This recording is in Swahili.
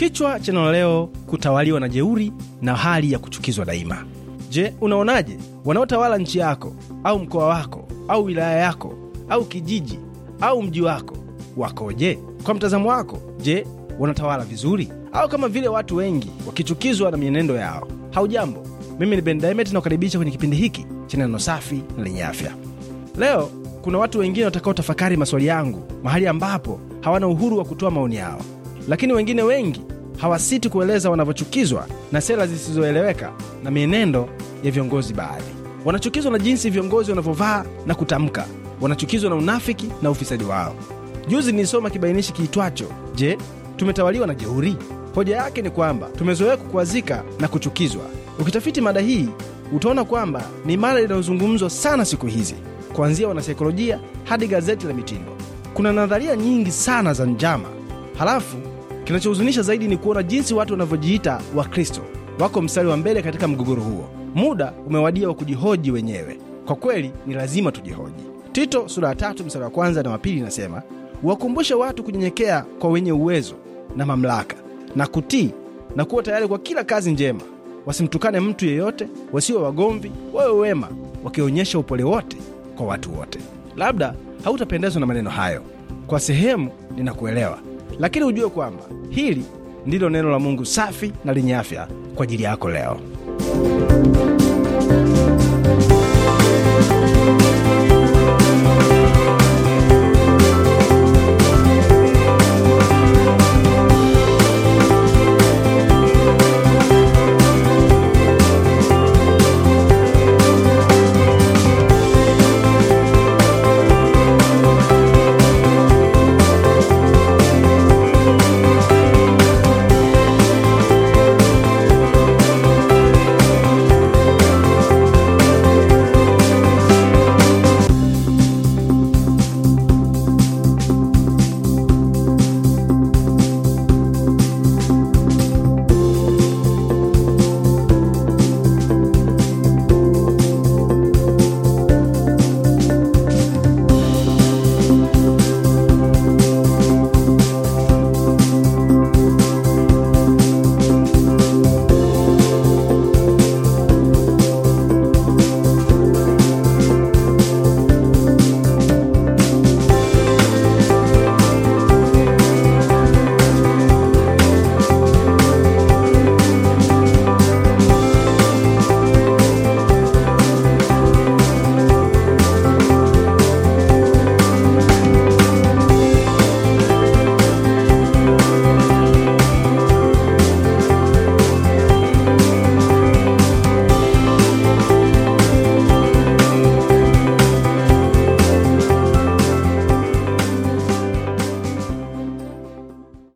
Kichwa cha neno leo, kutawaliwa na jeuri na hali ya kuchukizwa daima. Je, unaonaje wanaotawala nchi yako au mkoa wako au wilaya yako au kijiji au mji wako wakoje? Kwa mtazamo wako, je, wanatawala vizuri au kama vile watu wengi wakichukizwa na mienendo yao? Haujambo, mimi ni Ben Diamond nakukaribisha kwenye kipindi hiki cha neno safi na lenye afya. Leo kuna watu wengine watakao tafakari maswali yangu mahali ambapo hawana uhuru wa kutoa maoni yao, lakini wengine wengi hawasiti kueleza wanavyochukizwa na sera zisizoeleweka na mienendo ya viongozi baadhi. Wanachukizwa na jinsi viongozi wanavyovaa na kutamka, wanachukizwa na unafiki na ufisadi wao. Juzi nilisoma kibainishi kiitwacho Je, tumetawaliwa na jeuri? Hoja yake ni kwamba tumezoea kukwazika na kuchukizwa. Ukitafiti mada hii utaona kwamba ni mada inayozungumzwa sana siku hizi, kuanzia wanasaikolojia hadi gazeti la mitindo. Kuna nadharia nyingi sana za njama, halafu Kinachohuzunisha zaidi ni kuona jinsi watu wanavyojiita Wakristo wako mstari wa mbele katika mgogoro huo. Muda umewadia wa kujihoji wenyewe. Kwa kweli ni lazima tujihoji. Tito sura ya tatu mstari wa kwanza na wa pili inasema, wakumbushe watu kunyenyekea kwa wenye uwezo na mamlaka na kutii na kuwa tayari kwa kila kazi njema, wasimtukane mtu yeyote, wasiwe wagomvi, wawe wema, wakionyesha upole wote kwa watu wote. Labda hautapendezwa na maneno hayo, kwa sehemu ninakuelewa lakini ujue kwamba hili ndilo neno la Mungu safi na lenye afya kwa ajili yako leo.